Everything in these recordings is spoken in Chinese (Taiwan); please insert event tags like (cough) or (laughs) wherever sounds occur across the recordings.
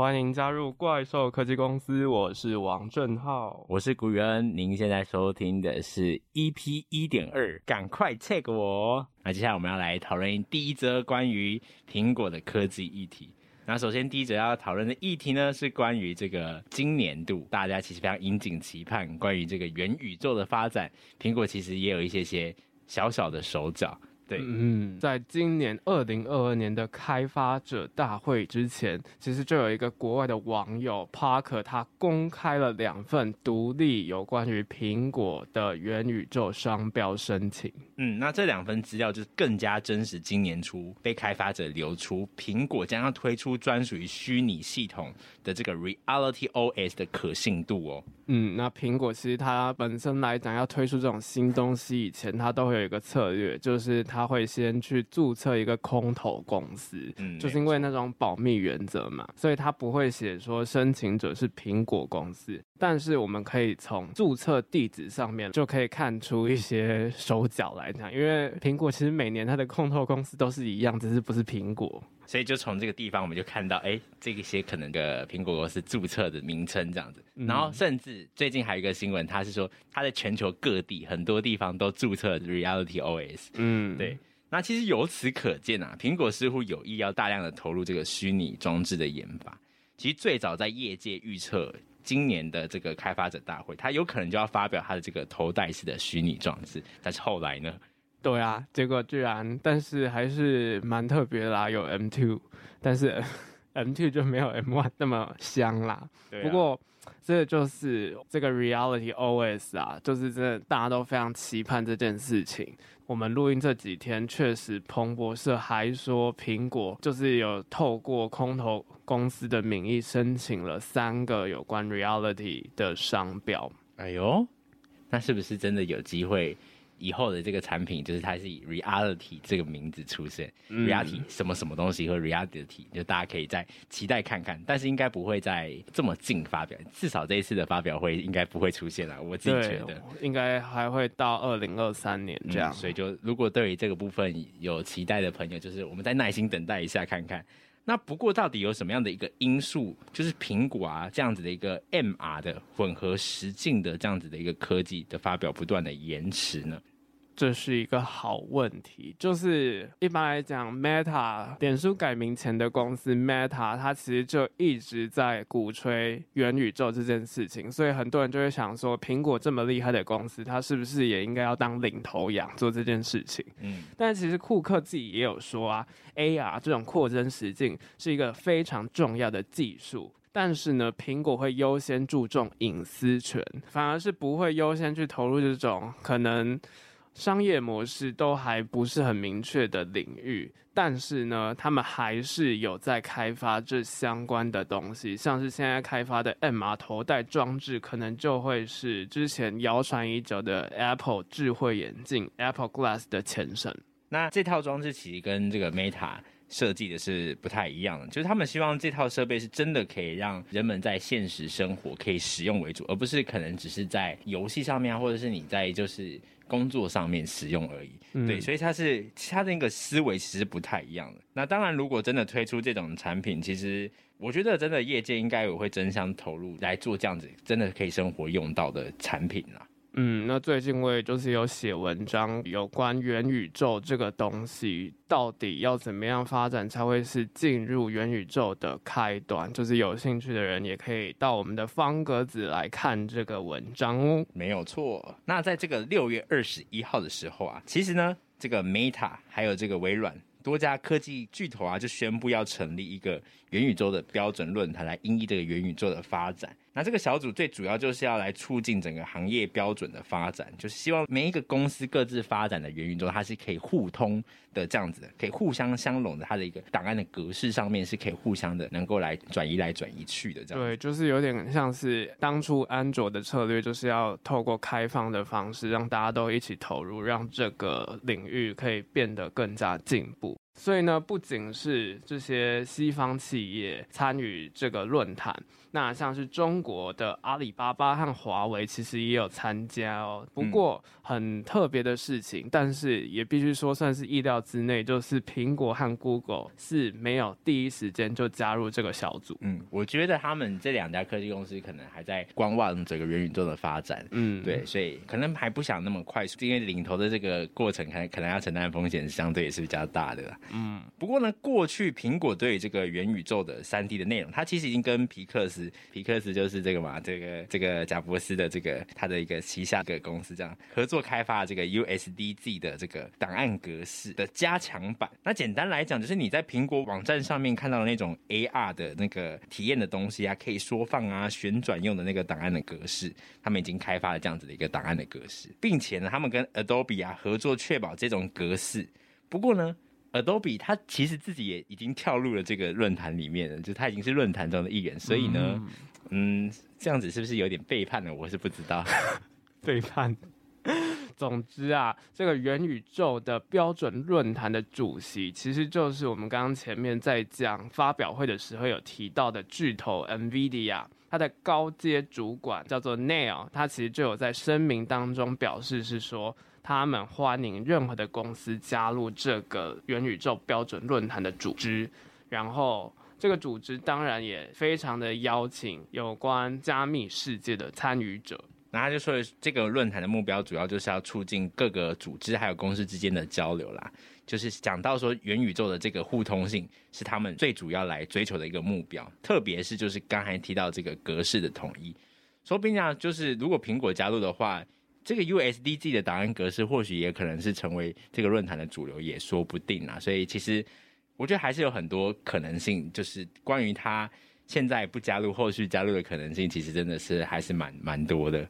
歡迎加入怪獸科技公司，我是王正浩，我是古人，您現在收聽的是 EP 一點二，趕快 check 我。那接下來我們要來討論第一則關於蘋果的科技議題。那首先第一則要討論的議題呢，是關於這個今年度，大家其實非常引頸期盼，關於這個元宇宙的發展，蘋果其實也有一些些小小的手腳。對嗯，在今年二零二二年的開發者大會之前，其實就有一個國外的網友 Parker，他公開了兩份獨立有關於蘋果的元宇宙商標申請。嗯，那這兩份資料就是更加真實，今年初被開發者流出，蘋果將要推出專屬於虛擬系統的這個 Reality OS 的可信度哦。嗯，那蘋果其實它本身來講要推出這種新東西以前，它都會有一個策略，就是它。他會先去註冊一個空頭公司，嗯、就是因為那種保密原則嘛，沒錯。所以他不會寫說申請者是蘋果公司。但是我們可以從註冊地址上面就可以看出一些手腳來講，因為蘋果其實每年它的控股公司都是一樣，只是不是蘋果，所以就從這個地方我們就看到，哎、欸，這些可能的蘋果公司註冊的名稱這樣子。然後甚至最近還有一個新聞，他是說他在全球各地很多地方都註冊 Reality OS。嗯，對。那其實由此可見啊，蘋果似乎有意要大量的投入這個虛擬裝置的研發。其實最早在業界預測。今年的這個開發者大會，他有可能就要發表他的這個頭戴式的虛擬裝置。但是後來呢？對啊，結果居然，但是還是蠻特別啦，有 M2，但是 M2 就沒有 M1 那麼香啦。對啊。不過，這就是這個 Reality OS 啊，就是真的大家都非常期盼這件事情。我們錄音這幾天，確實彭博社還說蘋果就是有透過空投公司的名義申請了三個有關 reality 的商標。哎呦，那是不是真的有機會？以後的這個產品就是它是以 reality 這個名字出現，reality、嗯、什麼什麼東西和 reality 就大家可以再期待看看，但是應該不會再這麼近發表，至少這一次的發表會應該不會出現了、啊。我自己覺得應該還會到二零二三年這樣、嗯，所以就如果對於這個部分有期待的朋友，就是我們再耐心等待一下看看。那不過到底有什麼樣的一個因素，就是蘋果啊，這樣子的一個 MR 的混合實境的這樣子的一個科技的發表不斷的延遲呢？這是一個好問題，就是一般來講，Meta 臉書改名前的公司 Meta，它其實就一直在鼓吹元宇宙這件事情，所以很多人就會想說，蘋果這麼厲害的公司，它是不是也應該要當領頭羊做這件事情？嗯，但其實庫克自己也有說啊，AR 這種擴增實境是一個非常重要的技術，但是呢，蘋果會優先注重隱私權，反而是不會優先去投入這種可能。商業模式都還不是很明確的領域，但是呢，他們還是有在開發這相關的東西，像是現在開發的 MR 頭戴裝置，可能就會是之前謠傳已久的 Apple 智慧眼鏡 Apple Glass 的前身。那這套裝置其實跟這個 Meta 設計的是不太一樣的，就是他們希望這套設備是真的可以讓人們在現實生活可以使用為主，而不是可能只是在遊戲上面，或者是你在就是，工作上面使用而已，對，嗯，所以它是它的那個思維其實不太一樣的。那當然，如果真的推出這種產品，其實我覺得真的業界應該也會爭相投入來做這樣子，真的可以生活用到的產品啦。嗯，那最近我也就是有寫文章，有關元宇宙這個東西，到底要怎麼樣發展才會是進入元宇宙的開端？就是有興趣的人也可以到我們的方格子來看這個文章哦。沒有錯，那在這個六月二十一號的時候啊，其實呢，這個 Meta 還有這個微軟多家科技巨頭啊，就宣布要成立一個元宇宙的標準論壇，來應對這個元宇宙的發展。那這個小組最主要就是要來促進整個行業標準的發展，就是希望每一個公司各自發展的元宇宙，它是可以互通的這樣子的，可以互相相融的，它的一個檔案的格式上面是可以互相的能夠來轉移來轉移去的這樣子。對，就是有點像是當初安卓的策略，就是要透過開放的方式，讓大家都一起投入，讓這個領域可以變得更加進步。所以呢，不僅是這些西方企業參與這個論壇。那像是中國的阿里巴巴和華為，其實也有參加哦。不過很特別的事情，嗯、但是也必須說算是意料之內，就是蘋果和 Google 是沒有第一時間就加入這個小組。嗯，我覺得他們這兩家科技公司可能還在觀望整個元宇宙的發展。嗯，對，所以可能還不想那麼快速，因為領頭的這個過程，可能可能要承擔風險，相對也是比較大的啦。嗯，不過呢，過去蘋果對這個元宇宙的 3D 的內容，它其實已經跟皮克斯。皮克斯就是這個嘛，這個這個賈伯斯的這個他的一個旗下的公司，這樣合作開發這個 USDZ 的這個檔案格式的加強版。那簡單來講，就是你在蘋果網站上面看到的那種 AR 的那個體驗的東西啊，可以縮放啊、旋轉用的那個檔案的格式，他們已經開發了這樣子的一個檔案的格式，並且呢，他們跟 Adobe 啊合作，確保這種格式。不過呢。Adobe，他其實自己也已經跳入了這個論壇裡面了，就他已經是論壇中的一員，嗯、所以呢，嗯，這樣子是不是有點背叛呢？我是不知道， (laughs) 背叛。 (laughs) 總之啊，這個元宇宙的標準論壇的主席，其實就是我們剛剛前面在講發表會的時候有提到的巨頭 NVIDIA。他的高階主管叫做 Neil，他其實就有在聲明當中表示是說，他們歡迎任何的公司加入這個元宇宙標準論壇的組織，然後這個組織當然也非常的邀請有關加密世界的參與者，那他就說這個論壇的目標主要就是要促進各個組織還有公司之間的交流啦。就是講到說元宇宙的這個互通性是他們最主要來追求的一個目標，特別是就是剛才提到這個格式的統一，說不定啊，就是如果蘋果加入的話，這個 USDZ 的檔案格式或許也可能是成為這個論壇的主流，也說不定啊。所以其實我覺得還是有很多可能性，就是關於它現在不加入、後續加入的可能性，其實真的是還是蠻蠻多的。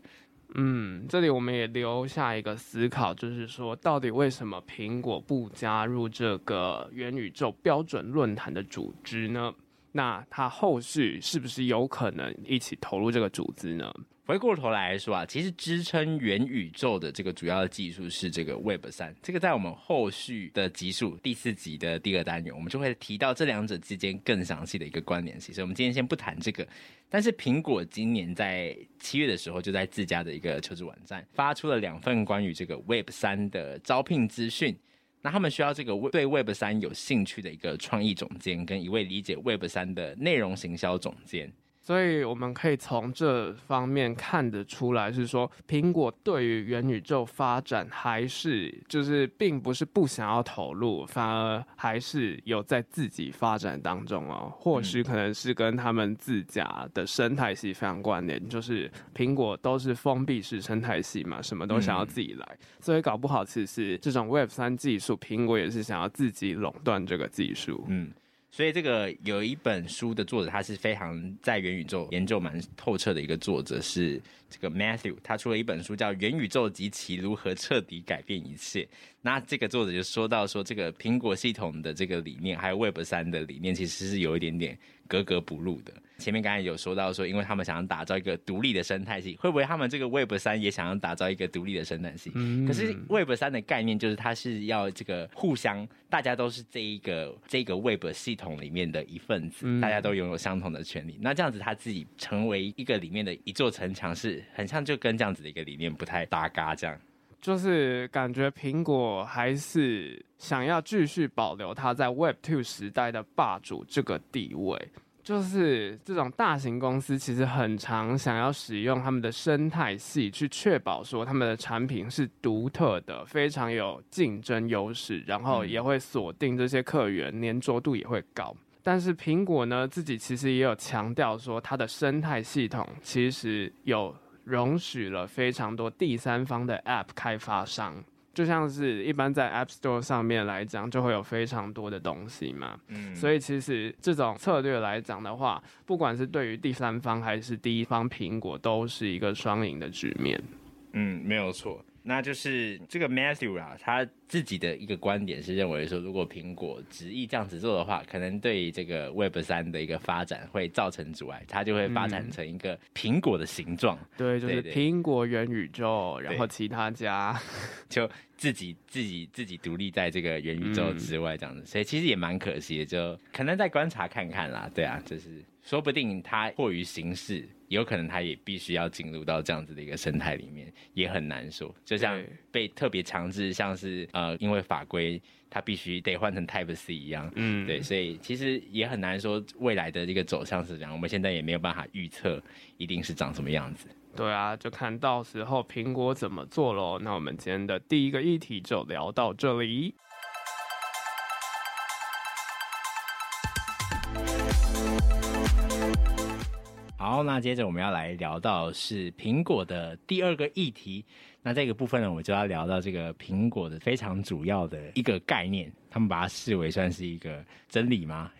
嗯，這裡我們也留下一個思考，就是說，到底為什麼蘋果不加入這個元宇宙標準論壇的組織呢？那它後續是不是有可能一起投入這個組織呢？回過頭來說啊，其實支撐元宇宙的這個主要技術是這個 Web 三，這個在我們後續的集數第四集的第二單元，我們就會提到這兩者之間更詳細的一個關聯。其實我們今天先不談這個，但是蘋果今年在七月的時候，就在自家的一個求職網站發出了兩份關於這個 Web 三的招聘資訊。那他們需要這個對 Web 三有興趣的一個創意總監，跟一位理解 Web 三的內容行銷總監。所以我們可以從這方面看得出來，是說蘋果對於元宇宙發展還是就是並不是不想要投入，反而還是有在自己發展當中哦。或許可能是跟他們自家的生態系非常關聯，就是蘋果都是封閉式生態系嘛，什麼都想要自己來，嗯、所以搞不好其實這種 Web3 技術，蘋果也是想要自己壟斷這個技術。嗯。所以這個有一本書的作者，他是非常在元宇宙研究蠻透徹的一個作者是。這個 Matthew 他出了一本書，叫《元宇宙及其如何徹底改變一切》。那這個作者就說到，說這個蘋果系統的這個理念，還有 Web 三的理念，其實是有一點點格格不入的。前面剛才有說到說，說因為他們想要打造一個獨立的生態系統，會不會他們這個 Web 三也想要打造一個獨立的生態系統？可是 Web 三的概念就是，它是要這個互相，大家都是這一個這個 Web 系統裡面的一份子，大家都擁有相同的權利。那這樣子，他自己成為一個裡面的一座城牆是。很像，就跟這樣子的一個理念不太搭嘎，這樣就是感覺蘋果還是想要繼續保留它在 Web Two 時代的霸主這個地位。就是這種大型公司其實很常想要使用他們的生態系去確保說他們的產品是獨特的、非常有競爭優勢，然後也會鎖定這些客源，粘着度也會高。但是蘋果呢，自己其實也有強調說，它的生態系統其實有。容許了非常多第三方的 App 開發商，就像是一般在 App Store 上面來講，就會有非常多的東西嘛。嗯，所以其實這種策略來講的話，不管是對於第三方還是第一方，蘋果都是一個雙贏的局面。嗯，沒有錯。那就是這個 Matthew 啊，他自己的一個觀點是認為說，如果蘋果執意這樣子做的話，可能對這個 Web 三的一個發展會造成阻礙，它就會發展成一個蘋果的形狀。嗯、對，就是蘋果元宇宙，然後其他家就自己自己自己獨立在這個元宇宙之外這樣子。嗯、所以其實也蠻可惜的，就可能再觀察看看啦。對啊，就是說不定它迫於形勢，有可能它也必須要進入到這樣子的一個生態裡面，也很難說。就像被特別強制，像是。呃，因為法規它必須得換成 Type C 一樣，嗯，對，所以其實也很難說未來的這個走向是怎樣，我們現在也沒有辦法預測，一定是長什麼樣子。對啊，就看到時候蘋果怎麼做嘍。那我們今天的第一個議題就聊到這裡。好，那接着我們要來聊到是蘋果的第二個議題。那這個部分呢，我們就要聊到這個蘋果的非常主要的一個概念，他們把它視為算是一個真理嗎？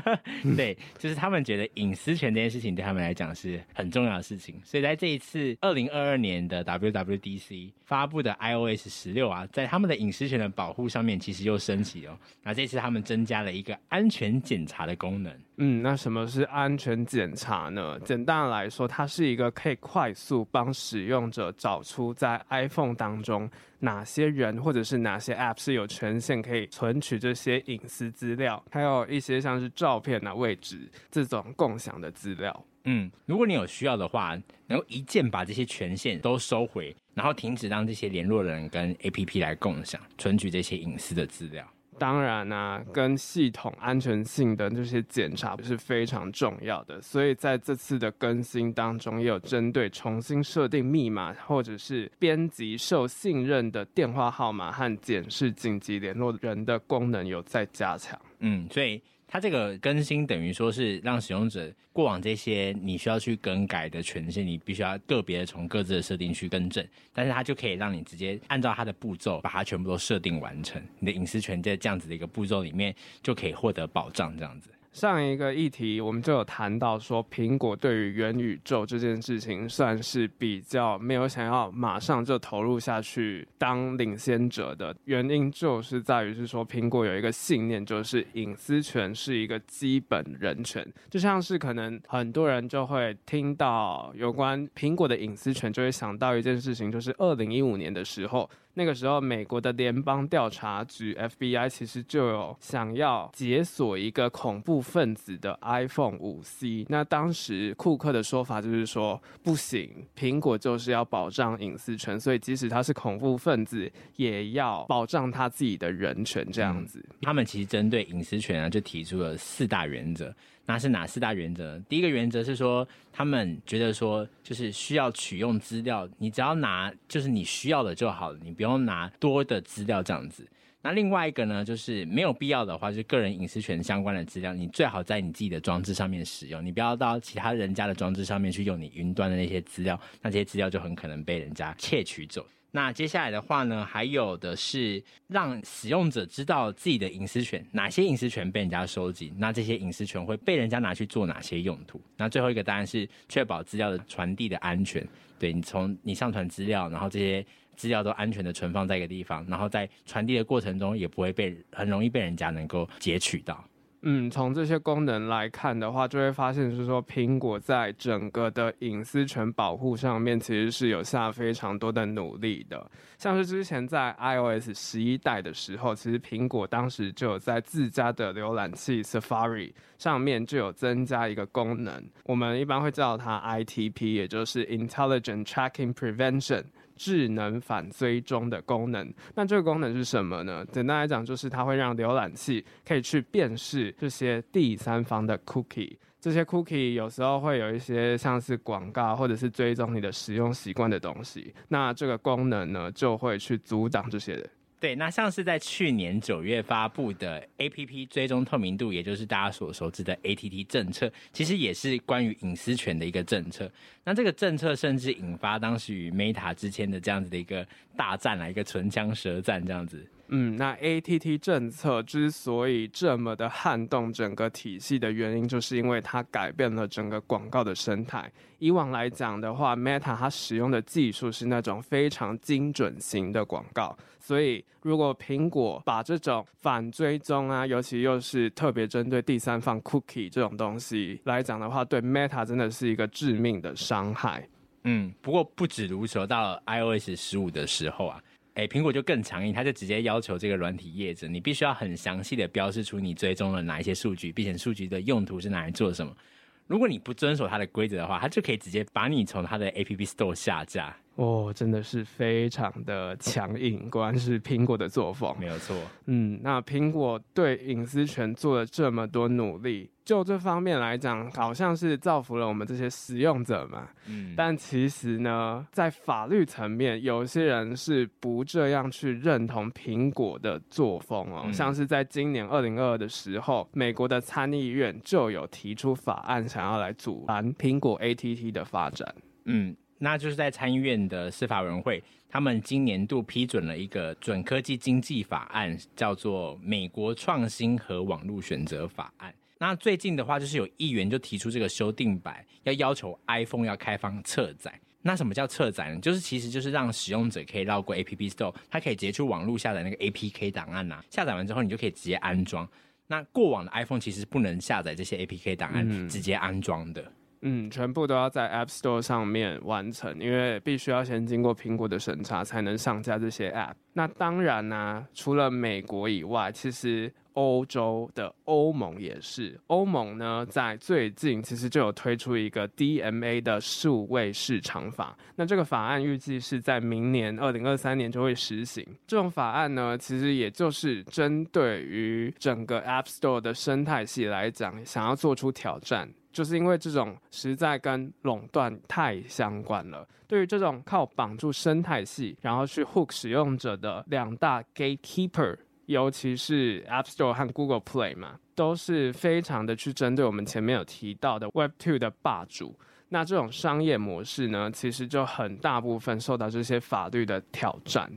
(laughs) 對，就是他們覺得隱私權這件事情對他們來講是很重要的事情，所以在這一次二零二二年的 WWDC 發佈的 iOS 十六啊，在他們的隱私權的保護上面其實又升級了。那這次他們增加了一個安全檢查的功能。嗯，那什麼是安全檢查呢？簡單來說，它是一個可以快速幫使用者找出在 iPhone 當中哪些人或者是哪些 App 是有權限可以存取這些隱私資料，還有一些像是照片啊、位置這種共享的資料。嗯，如果你有需要的話，能夠一鍵把這些權限都收回，然後停止讓這些聯絡人跟 App 來共享，存取這些隱私的資料。當然啊，跟系統安全性的那些檢查是非常重要的，所以在這次的更新當中，也有針對重新設定密碼或者是編輯受信任的電話號碼和檢視緊急聯絡人的功能有在加強。嗯，所以。它這個更新等於說是讓使用者過往這些你需要去更改的權限，你必須要個別的從各自的設定去更正，但是它就可以讓你直接按照它的步驟把它全部都設定完成，你的隱私權在這樣子的一個步驟裡面就可以獲得保障，這樣子。上一個議題，我們就有談到說，蘋果對於元宇宙這件事情算是比較沒有想要馬上就投入下去當領先者的原因，就是在於是說，蘋果有一個信念，就是隱私權是一個基本人權。就像是可能很多人就會聽到有關蘋果的隱私權，就會想到一件事情，就是二零一五年的時候。那個時候，美國的聯邦調查局 （FBI） 其實就有想要解鎖一個恐怖分子的 iPhone 五 C。那當時庫克的說法就是說，不行，蘋果就是要保障隱私權，所以即使他是恐怖分子，也要保障他自己的人權。這樣子、嗯，他們其實針對隱私權啊，就提出了四大原則。那是哪四大原則呢？第一個原則是說，他們覺得說，就是需要取用資料，你只要拿就是你需要的就好了，你不用拿多的資料這樣子。那另外一個呢，就是沒有必要的話，就是個人隱私權相關的資料，你最好在你自己的裝置上面使用，你不要到其他人家的裝置上面去用你雲端的那些資料，那些資料就很可能被人家竊取走。那接下來的話呢，還有的是讓使用者知道自己的隱私權，哪些隱私權被人家收集，那這些隱私權會被人家拿去做哪些用途？那最後一個當然是確保資料的傳遞的安全，對你從你上傳資料，然後這些資料都安全地存放在一個地方，然後在傳遞的過程中也不會被很容易被人家能夠截取到。嗯，從這些功能來看的話，就會發現是說，蘋果在整個的隱私權保護上面，其實是有下非常多的努力的。像是之前在 iOS 十一代的時候，其實蘋果當時就有在自家的瀏覽器 Safari 上面就有增加一個功能，我們一般會叫它 ITP，也就是 Intelligent Tracking Prevention。智能反追蹤的功能，那這個功能是什麼呢？簡單來講，就是它會讓瀏覽器可以去辨識這些第三方的 cookie，這些 cookie 有時候會有一些像是廣告或者是追蹤你的使用習慣的東西，那這個功能呢，就會去阻擋這些人。對，那像是在去年九月發佈的 A P P 追蹤透明度，也就是大家所熟知的 A T T 政策，其實也是關於隱私權的一個政策。那這個政策甚至引發當時與 Meta 之間的這樣子的一個大戰啊，一個唇槍舌戰這樣子。嗯，那 ATT 政策之所以這麼的撼動整個體系的原因，就是因為它改變了整個廣告的生態。以往來講的話，Meta 它使用的技術是那種非常精準型的廣告，所以如果蘋果把這種反追蹤啊，尤其又是特別針對第三方 Cookie 這種東西來講的話，對 Meta 真的是一個致命的傷害。嗯，不過不止如此，到了 iOS 十五的時候啊。哎，蘋果就更強硬，它就直接要求這個軟體業者，你必須要很詳細的標示出你追蹤了哪一些數據，並且數據的用途是拿來做什麼。如果你不遵守它的規則的話，它就可以直接把你從它的 APP Store 下架。哦，oh, 真的是非常的強硬，果然是蘋果的作風，沒有錯。嗯，那蘋果對隱私權做了這麼多努力，就這方面來講，好像是造福了我們這些使用者嘛。嗯，但其實呢，在法律層面，有些人是不這樣去認同蘋果的作風哦。嗯，像是在今年二零二二的時候，美國的參議院就有提出法案，想要來阻攔蘋果 ATT 的發展。嗯。那就是在參議院的司法委員會，他們今年度批准了一個準科技經濟法案，叫做《美國創新和網絡選擇法案》。那最近的話，就是有議員就提出這個修訂版，要要求 iPhone 要開放側載。那什麼叫側載呢？就是其實就是讓使用者可以繞過 App Store，它可以直接去網絡下載那個 APK 檔案吶、啊。下載完之後，你就可以直接安裝。那過往的 iPhone 其實不能下載這些 APK 檔案直接安裝的。嗯嗯，全部都要在 App Store 上面完成，因為必須要先經過蘋果的審查才能上架這些 App。那當然啦、啊，除了美國以外，其實。歐洲的歐盟也是，歐盟呢，在最近其實就有推出一個 DMA 的數位市場法，那這個法案預計是在明年二零二三年就會實行。這種法案呢，其實也就是針對於整個 App Store 的生態系來講，想要做出挑戰，就是因為這種實在跟壟斷太相關了。對於這種靠綁住生態系，然後去 hook 使用者的兩大 Gatekeeper。尤其是 App Store 和 Google Play 嘛，都是非常的去針對我們前面有提到的 Web 2的霸主。那這種商業模式呢，其實就很大部分受到這些法律的挑戰。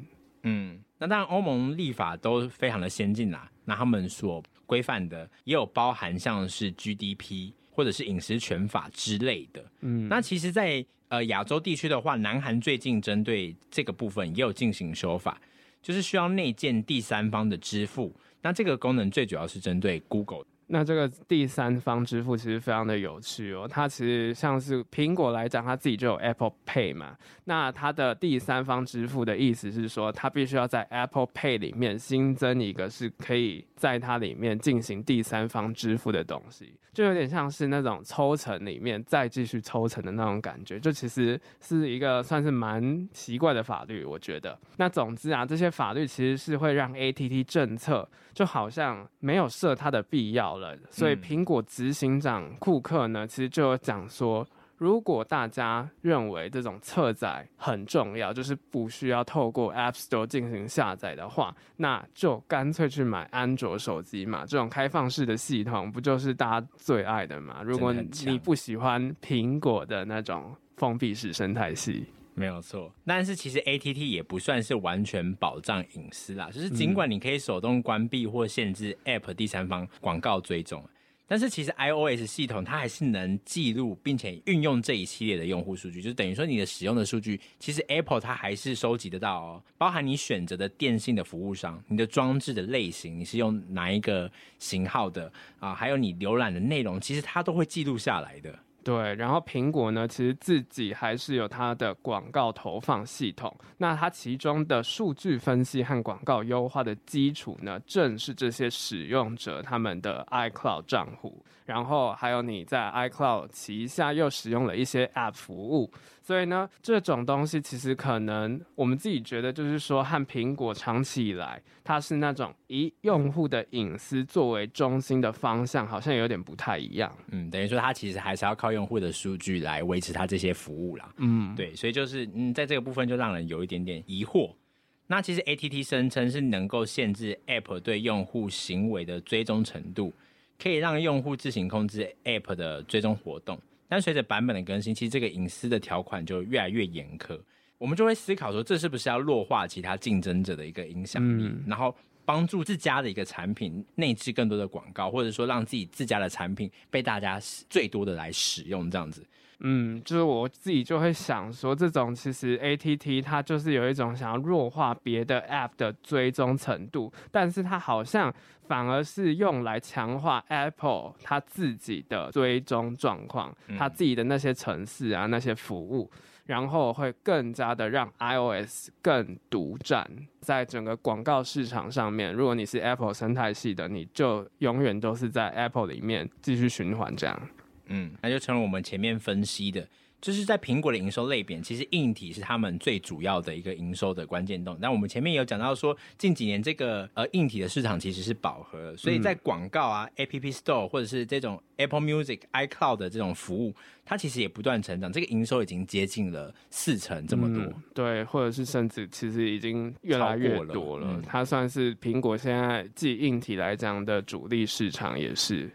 嗯，那當然歐盟立法都非常的先進啦、啊，那他們所規範的也有包含像是 GDP 或者是隱私權法之類的。嗯，那其實在，在呃亞洲地區的話，南韓最近針對這個部分也有進行修法。就是需要內建第三方的支付，那這個功能最主要是針對 Google。那這個第三方支付其實非常的有趣哦，它其實像是蘋果來講，它自己就有 Apple Pay 嘛。那它的第三方支付的意思是說，它必須要在 Apple Pay 裡面新增一個，是可以在它裡面進行第三方支付的東西，就有點像是那種抽成裡面再繼續抽成的那種感覺，就其實是一個算是蠻奇怪的法律，我覺得。那總之啊，這些法律其實是會讓 ATT 政策就好像沒有設它的必要了。所以，蘋果執行長庫克呢，嗯，其實就有講說，如果大家認為這種側載很重要，就是不需要透過 App Store 進行下載的話，那就乾脆去買安卓手機嘛。這種開放式的系統，不就是大家最愛的嗎？的如果你不喜歡蘋果的那種封閉式生態系。沒有錯，但是其實 ATT 也不算是完全保障隱私啦。就是儘管你可以手動關閉或限制 App 第三方廣告追蹤，嗯、但是其實 iOS 系統它還是能記錄並且運用這一系列的用戶數據，就等於說你的使用的數據，其實 Apple 它還是收集得到哦。包含你選擇的電信的服務商、你的裝置的類型、你是用哪一個型號的啊，還有你瀏覽的內容，其實它都會記錄下來的。對，然後蘋果呢，其實自己還是有它的廣告投放系統。那它其中的數據分析和廣告優化的基礎呢，正是這些使用者他們的 iCloud 賬戶，然後還有你在 iCloud 旗下又使用了一些 App 服務。所以呢，這種東西其實可能我們自己覺得，就是說和蘋果長期以來它是那種以用戶的隱私作為中心的方向，好像有點不太一樣。嗯，等於說它其實還是要靠用戶的數據來維持它這些服務啦。嗯，對，所以就是嗯，在這個部分就讓人有一點點疑惑。那其實 ATT 聲稱是能夠限制 App 對用戶行為的追蹤程度，可以讓用戶自行控制 App 的追蹤活動。但隨着版本的更新，其實這個隱私的條款就越來越嚴苛，我們就會思考說，這是不是要弱化其他競爭者的一個影響力？嗯，然後。幫助自家的一個產品內置更多的廣告，或者說讓自己自家的產品被大家最多的來使用，這樣子。嗯，就是我自己就會想說，這種其實 ATT 它就是有一種想要弱化別的 App 的追蹤程度，但是它好像反而是用來強化 Apple 它自己的追蹤狀況，它自己的那些程式啊，那些服務。然後會更加的讓 iOS 更獨佔，在整個廣告市場上面，如果你是 Apple 生態系的，你就永遠都是在 Apple 裡面繼續循環這樣。嗯，那就成了我們前面分析的。就是在蘋果的營收類別，其實硬體是他們最主要的一個營收的關鍵動。但我們前面有講到說，近幾年這個呃硬體的市場其實是飽和了，所以在廣告啊、嗯、App Store 或者是這種 Apple Music、iCloud 的這種服務，它其實也不斷成長，這個營收已經接近了四成這麼多，嗯。對，或者是甚至其實已經越來越多了。了，嗯，它算是蘋果現在繼硬體來講的主力市場也是。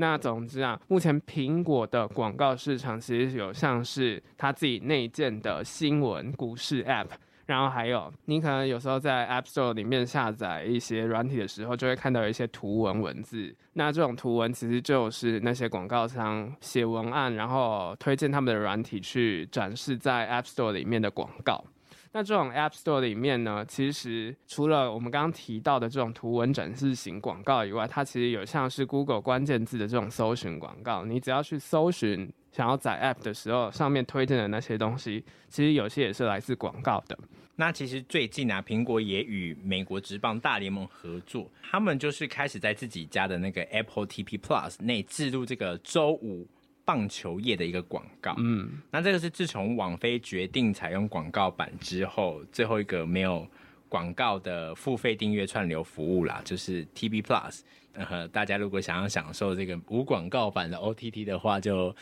那總之啊，目前蘋果的廣告市場其實有像是他自己內建的新聞、股市 App，然後還有你可能有時候在 App Store 裡面下載一些軟體的時候，就會看到一些圖文文字。那這種圖文其實就是那些廣告商寫文案，然後推薦他們的軟體去展示在 App Store 裡面的廣告。那這種 App Store 裡面呢，其實除了我們剛剛提到的這種圖文展示型廣告以外，它其實有像是 Google 關鍵字的這種搜尋廣告。你只要去搜尋想要載 App 的時候，上面推薦的那些東西，其實有些也是來自廣告的。那其實最近啊，蘋果也與美國職棒大聯盟合作，他們就是開始在自己家的那個 Apple TV Plus 內置入這個周五。棒球業的一個廣告，嗯，那這個是自從網飛決定採用廣告版之後，最後一個沒有廣告的付費訂閱串流服務啦，就是 T B Plus。呃，大家如果想要享受這個無廣告版的 O T T 的話，就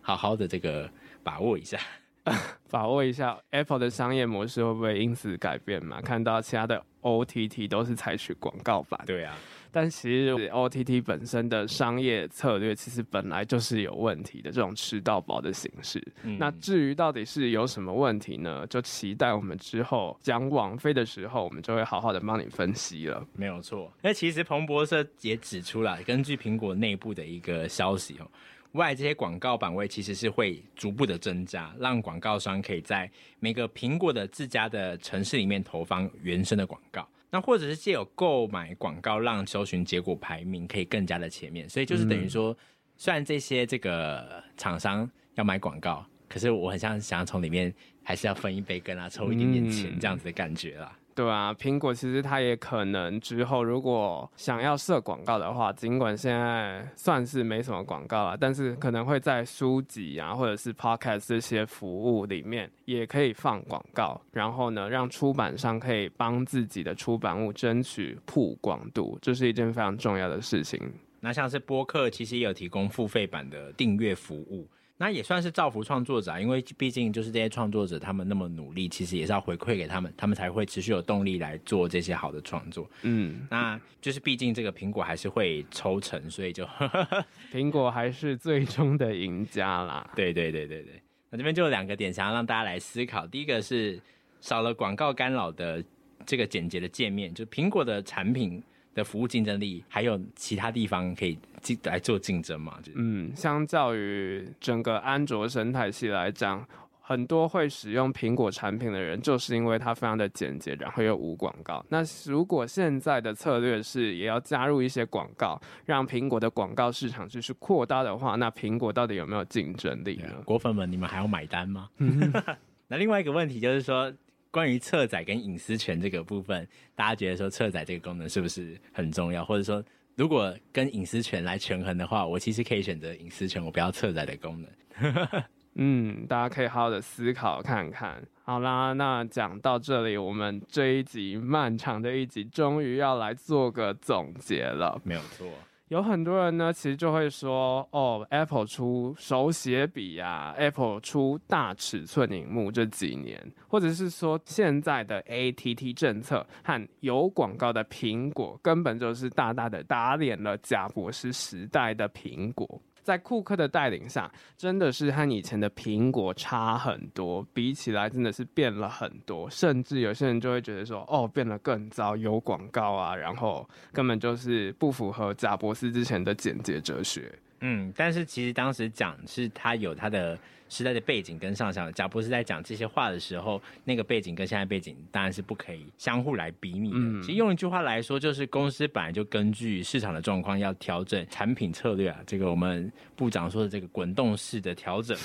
好好的這個把握一下。 (laughs) 把握一下 Apple 的商業模式會不會因此改變嘛？看到其他的 OTT 都是採取廣告版的，對啊。但其實 OTT 本身的商業策略其實本來就是有問題的，這種吃到飽的形式。嗯、那至於到底是有什麼問題呢？就期待我們之後講網飛的時候，我們就會好好的幫你分析了。沒有錯，那其實彭博社也指出來，根據蘋果內部的一個消息哦。外這些廣告版位其實是會逐步的增加，讓廣告商可以在每個蘋果的自家的城市裡面投放原生的廣告，那或者是借由購買廣告，讓搜尋結果排名可以更加的前面。所以就是等於說，嗯、雖然這些這個廠商要買廣告，可是我很像想要從裡面還是要分一杯羹啊，抽一點點錢這樣子的感覺啦。對啊，蘋果其實它也可能之後如果想要設廣告的話，儘管現在算是沒什麼廣告了，但是可能會在書籍啊或者是 podcast 這些服務裡面也可以放廣告，然後呢，讓出版商可以幫自己的出版物爭取曝光度，這、就是一件非常重要的事情。那像是播客其實也有提供付費版的訂閱服務。那也算是造福創作者啊，因為畢竟就是這些創作者他們那麼努力，其實也是要回饋給他們，他們才會持續有動力來做這些好的創作。嗯，那就是畢竟這個蘋果還是會抽成，所以就 (laughs) 蘋果還是最終的贏家啦。對對對對對，那這邊就有兩個點想要讓大家來思考，第一個是少了廣告干擾的這個簡潔的界面，就蘋果的產品。的服務競爭力還有其他地方可以進來做競爭嘛？就是、嗯，相較於整個安卓生態系來講，很多會使用蘋果產品的人，就是因為它非常的簡潔，然後又無廣告。那如果現在的策略是也要加入一些廣告，讓蘋果的廣告市場繼續擴大的話，那蘋果到底有沒有競爭力呢？果粉、啊、們，你們還要買單嗎？ (laughs) (laughs) 那另外一個問題就是說，關於側載跟隱私權這個部分，大家覺得說側載這個功能是不是很重要？或者說，如果跟隱私權來權衡的話，我其實可以選擇隱私權，我不要側載的功能。 (laughs) 嗯，大家可以好好的思考看看。好啦，那講到這裡，我們這一集漫長的一集，終於要來做個總結了。沒有錯。有很多人呢，其實就會說，哦，Apple 出手寫筆呀，Apple 出大尺寸螢幕這幾年，或者是說現在的 ATT 政策和有廣告的蘋果，根本就是大大的打臉了賈伯斯時代的蘋果。在庫克的帶領下，真的是和以前的蘋果差很多，比起來真的是變了很多，甚至有些人就會覺得說，哦，變得更糟，有廣告啊，然後根本就是不符合賈伯斯之前的簡潔哲學。嗯，但是其實當時講是他有他的時代的背景跟上下。賈博士在講這些話的時候，那個背景跟現在背景當然是不可以相互來比擬的。嗯、其實用一句話來說，就是公司本來就根據市場的狀況要調整產品策略啊。這個我們部長說的這個滾動式的調整，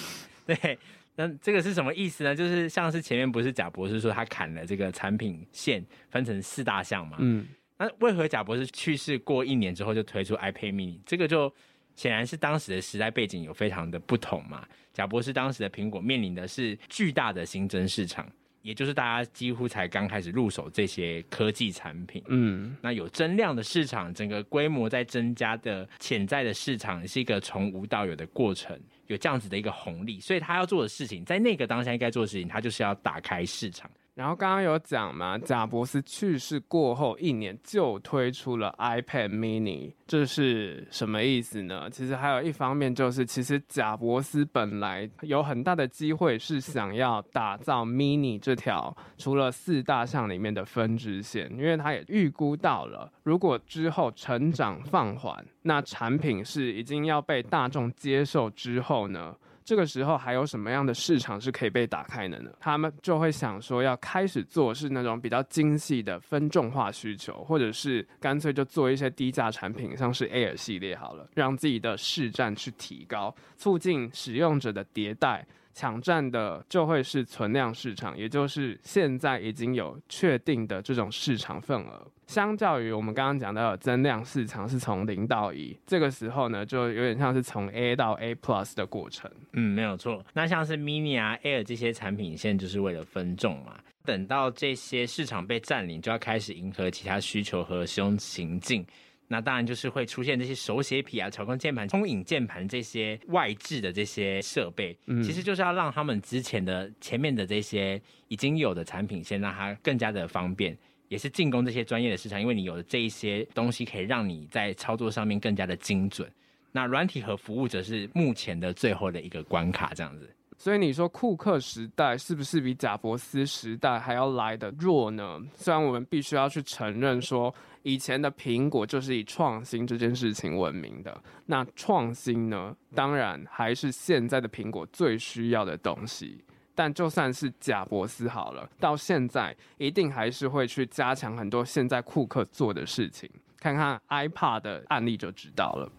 嗯、對，那這個是什麼意思呢？就是像是前面不是賈博士說他砍了這個產品線，分成四大項嘛？嗯，那、啊、為何賈博士去世過一年之後就推出 iPad Mini？這個就。顯然是當時的時代背景有非常的不同嘛。賈伯斯當時的蘋果面臨的是巨大的新增市場，也就是大家幾乎才剛開始入手這些科技產品，嗯，那有增量的市場，整個規模在增加的潛在的市場是一個從無到有的過程，有這樣子的一個紅利，所以他要做的事情，在那個當下應該做的事情，他就是要打開市場。然後剛剛有講嘛，賈伯斯去世過後一年就推出了 iPad Mini，這是什麼意思呢？其實還有一方面就是，其實賈伯斯本來有很大的機會是想要打造 Mini 這條除了四大項裡面的分支線，因為他也預估到了，如果之後成長放緩，那產品是已經要被大眾接受之後呢。這個時候還有什麼樣的市場是可以被打開的呢？他們就會想說，要開始做是那種比較精細的分眾化需求，或者是乾脆就做一些低價產品，像是 Air 系列好了，讓自己的市佔去提高，促進使用者的迭代。搶占的就會是存量市場，也就是現在已經有確定的這種市場份額。相較於我們剛剛講到的增量市場是從零到一，這個時候呢，就有點像是從 A 到 A Plus 的過程。嗯，沒有錯。那像是 Mini 啊 Air 這些產品線，就是為了分眾嘛。等到這些市場被占領，就要開始迎合其他需求和使用情境。那當然就是會出現這些手寫筆啊、巧控鍵盤、聰穎鍵盤這些外置的這些設備，嗯、其實就是要讓他們之前的、前面的這些已經有的產品，先讓它更加的方便，也是進攻這些專業的市場。因為你有了這一些東西，可以讓你在操作上面更加的精準。那軟體和服務則是目前的最後的一個關卡，這樣子。所以你說庫克時代是不是比賈伯斯時代還要來的弱呢？雖然我們必須要去承認說。以前的蘋果就是以創新這件事情聞名的。那創新呢，當然還是現在的蘋果最需要的東西。但就算是賈伯斯好了，到現在一定還是會去加強很多現在庫克做的事情。看看 iPad 的案例就知道了。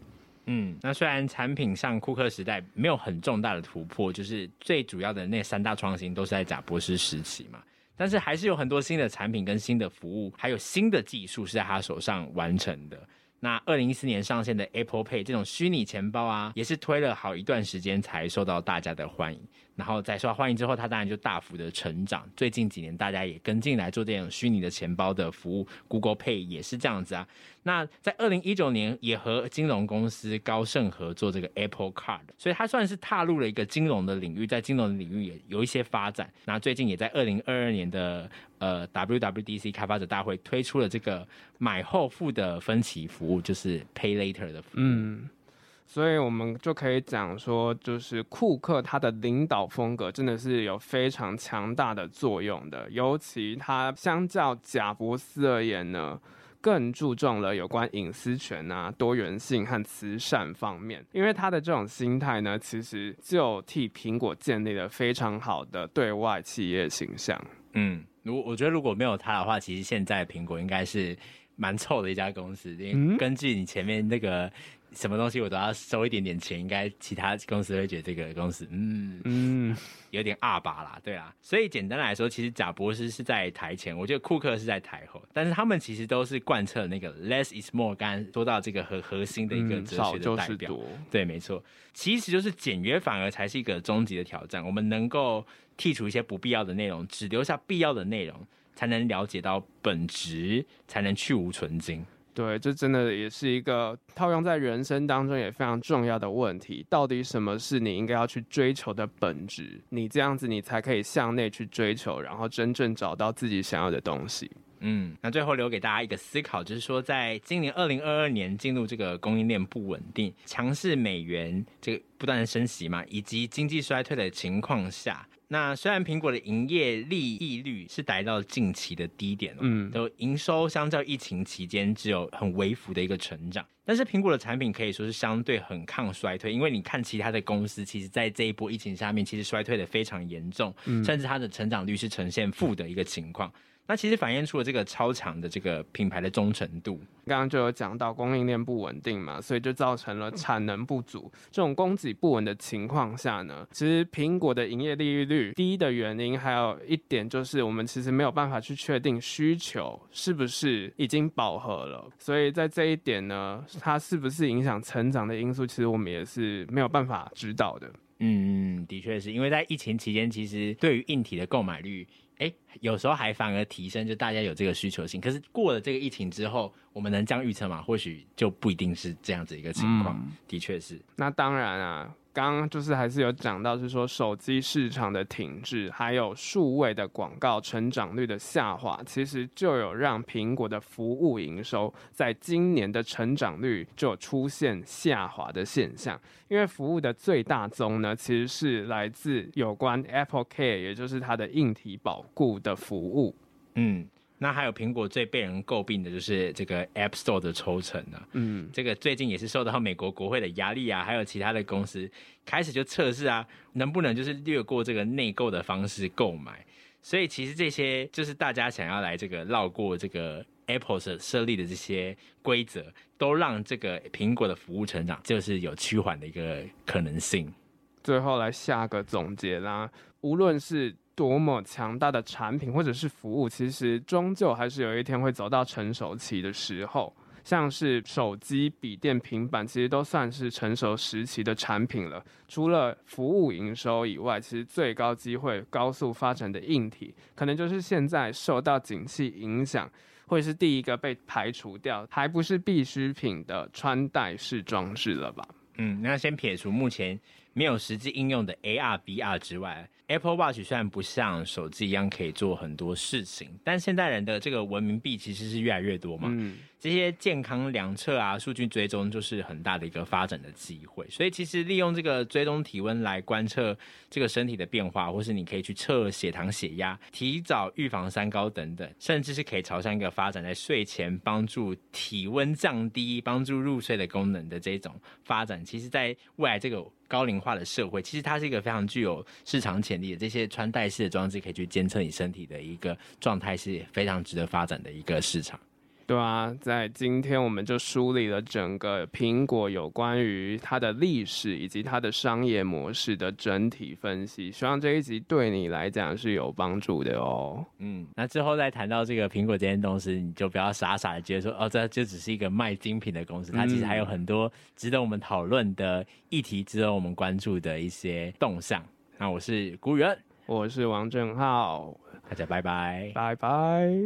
嗯，那雖然產品上庫克時代沒有很重大的突破，就是最主要的那三大創新都是在賈伯斯時期嘛。但是還是有很多新的產品跟新的服務，還有新的技術是在他手上完成的。那2014年上線的 Apple Pay 這種虛擬錢包啊，也是推了好一段時間才受到大家的歡迎。然後在受到歡迎之後，它當然就大幅的成長。最近幾年，大家也跟進來做這樣虛擬的錢包的服務。Google Pay 也是這樣子啊。那在二零一九年，也和金融公司高盛合作這個 Apple Card，所以它算是踏入了一個金融的領域，在金融的領域也有一些發展。然後最近也在二零二二年的呃 WWDC 開發者大會推出了這個買後付的分期服務，就是 Pay Later 的服務。嗯所以我們就可以講說，就是庫克他的領導風格真的是有非常強大的作用的，尤其他相較賈伯斯而言呢，更注重了有關隱私權啊、多元性和慈善方面。因為他的這種心態呢，其實就替蘋果建立了非常好的對外企業形象。嗯，如我，我覺得如果沒有他的話，其實現在蘋果應該是蠻臭的一家公司。嗯，因為根據你前面那個。嗯什麼東西我都要收一點點錢，應該其他公司會覺得這個公司嗯嗯有點阿巴啦，對啦。所以簡單來說，其實賈伯斯是在台前，我覺得庫克是在台後，但是他們其實都是貫徹那個 less is more，剛剛說到這個核核心的一個哲學的代表，嗯、對，沒錯。其實就是簡約，反而才是一個終極的挑戰。我們能夠剔除一些不必要的內容，只留下必要的內容，才能了解到本質，才能去蕪存菁。對，這真的也是一個套用在人生當中也非常重要的問題。到底什麼是你應該要去追求的本質？你這樣子，你才可以向內去追求，然後真正找到自己想要的東西。嗯，那最後留給大家一個思考，就是說，在今年二零二二年進入這個供應鏈不穩定、強勢美元這個，不斷的升息嘛，以及經濟衰退的情況下，那雖然蘋果的營業利益率，是達到近期的低點，嗯，都營收相較疫情期間只有很微幅的一個成長，但是蘋果的產品可以說是相對很抗衰退，因為你看其他的公司，其實在這一波疫情下面，其實衰退的非常嚴重，嗯，甚至它的成長率是呈現負的一個情況，嗯、那其實反映出了這個超強的這個品牌的忠誠度。剛剛就有講到供應鏈不穩定嘛，所以就造成了產能不足，嗯、這種供給。不穩的情況下呢，其實蘋果的營業利潤率低的原因還有一點，就是我們其實沒有辦法去確定需求是不是已經飽和了。所以在這一點呢，它是不是影響成長的因素，其實我們也是沒有辦法知道的。嗯，的確是，因為在疫情期間，其實對於硬體的購買率。哎、欸，有時候還反而提升，就大家有這個需求性。可是過了這個疫情之後，我們能這樣預測嗎？或許就不一定是這樣子一個情況。嗯、的確是。那當然啊。剛剛就是還是有講到，是說手機市場的停滯，還有數位的廣告成長率的下滑，其實就有讓蘋果的服務營收在今年的成長率就出現下滑的現象，因為服務的最大宗呢，其實是來自有關 Apple Care，也就是它的硬體保固的服務，嗯。那還有蘋果最被人詬病的就是這個 App Store 的抽成呢啊。嗯，這個最近也是受到美國國會的壓力啊，還有其他的公司開始就測試啊，能不能就是略過這個內購的方式購買。所以其實這些就是大家想要來這個繞過這個 Apple 設設立的這些規則，都讓這個蘋果的服務成長就是有趨緩的一個可能性。最後來下個總結啦，無論是。多麼強大的產品或者是服務，其實終究還是有一天會走到成熟期的時候。像是手機、筆電、平板，其實都算是成熟時期的產品了。除了服務營收以外，其實最高機會高速發展的硬體，可能就是現在受到景氣影響，或者是第一個被排除掉，還不是必需品的穿戴式裝置了吧？嗯，那先撇除目前沒有實際應用的 AR、VR 之外。Apple Watch 雖然不像手機一樣可以做很多事情，但現代人的這個文明病其實是越來越多嘛。嗯、這些健康量測啊、數據追蹤就是很大的一個發展的機會。所以，其實利用這個追蹤體溫來觀測這個身體的變化，或是你可以去測血糖、血壓，提早預防三高等等，甚至是可以朝向一個發展，在睡前幫助體溫降低、幫助入睡的功能的這種發展。其實，在未來這個。高齡化的社會，其實它是一個非常具有市場潛力的。這些穿戴式的裝置可以去監測你身體的一個狀態，是非常值得發展的一個市場。對啊，在今天我們就梳理了整個蘋果有關於它的歷史以及它的商業模式的整體分析，希望這一集對你來講是有幫助的哦。嗯，那之後再談到這個蘋果這件東西，你就不要傻傻的覺得說哦，這這只是一個賣精品的公司，嗯、它其實還有很多值得我們討論的議題，值得我們關注的一些動向。那我是古元，我是王正浩，大家拜拜，拜拜。